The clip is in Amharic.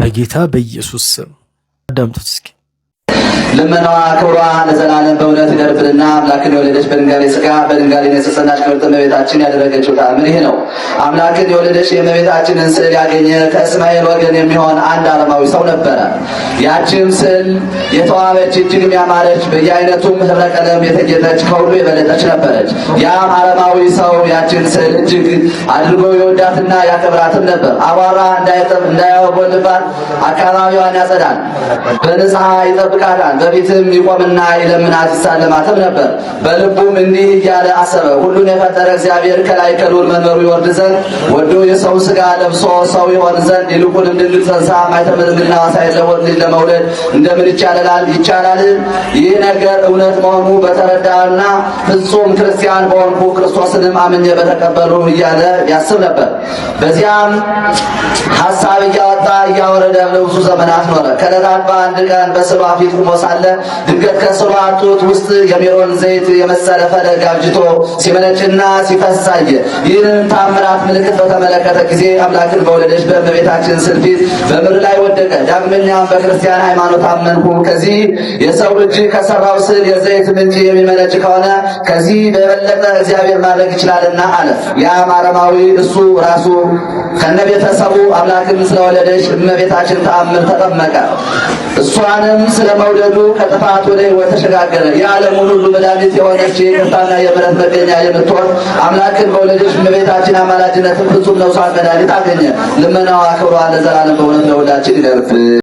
በጌታ በኢየሱስ ስም አዳምጡት እስኪ። ልመናዋ ክብሯ ለዘላለም በእውነት ይደርብንና አምላክን የወለደች በድንጋሌ ስጋ በድንጋሌ የተጸናች ክብርት እመቤታችን ያደረገችው ተአምር ይህ ነው። አምላክን የወለደች የእመቤታችንን ስዕል ያገኘ ከእስማኤል ወገን የሚሆን አንድ አረማዊ ሰው ነበረ። ያችም ስዕል የተዋበች እጅግም ያማረች በየአይነቱም ህብረ ቀለም የተጌጠች ከሁሉ የበለጠች ነበረች። ያም አረማዊ ሰው ያችን ስዕል እጅግ አድርጎ የወዳትና ያከብራትም ነበር። አቧራ እንዳያወጎልባት አካባቢዋን ያጸዳል፣ በንጽሐ ይጠብቃታል በፊትም ይቆምና ይለምናት ይሳለማትም ነበር። በልቡም እንዲህ እያለ አሰበ፣ ሁሉን የፈጠረ እግዚአብሔር ከላይ ከዱር መኖሩ ይወርድ ዘንድ ወዶ የሰው ስጋ ለብሶ ሰው ይሆን ዘንድ ይልቁን እንድንጸንሳ ማኅተመ ሳይለወጥ ልጅ ለመውለድ እንደምን ይቻለላል ይቻላል? ይህ ነገር እውነት መሆኑ በተረዳና ፍጹም ክርስቲያን በሆንኩ ክርስቶስንም አምኜ በተቀበሉ እያለ ያስብ ነበር። በዚያም ሀሳብ እያ እያወረደ ለብዙ ዘመናት ኖረ። ከዕለታት በአንድ ቀን በስባ ፊት ቁሞ ሳለ ድንገት ከስባ ጡት ውስጥ የሜሮን ዘይት የመሰለ ፈለግ አብጅቶ ሲመነጭና ሲፈሳየ ይህንን ታምራት ምልክት በተመለከተ ጊዜ አምላክን በወለደች በእመቤታችን ስልፊት በምድር ላይ ወደቀ። ዳግመኛም በክርስቲያን ሃይማኖት አመንኩ። ከዚህ የሰው እጅ ከሰራው ስዕል የዘይት ምንጭ የሚመነጭ ከሆነ ከዚህ በበለጠ እግዚአብሔር ማድረግ ይችላልና አለ። ያም አረማዊ እሱ ራሱ ከነ ቤተሰቡ አምላክን ስለወለደ ልጅ እመቤታችን ተአምር ተጠመቀ። እሷንም ስለ መውደዱ ከጥፋት ወደ ሕይወት ተሸጋገረ። የዓለሙን ሁሉ መድኃኒት የሆነች የይቅርታና የምሕረት መገኛ የምትሆን አምላክን በወለደች እመቤታችን አማላጅነትን ፍጹም ነፍሷን መድኃኒት አገኘ። ልመናዋ ክብሯ ለዘላለም በእውነት ለሁላችን ይደርብን።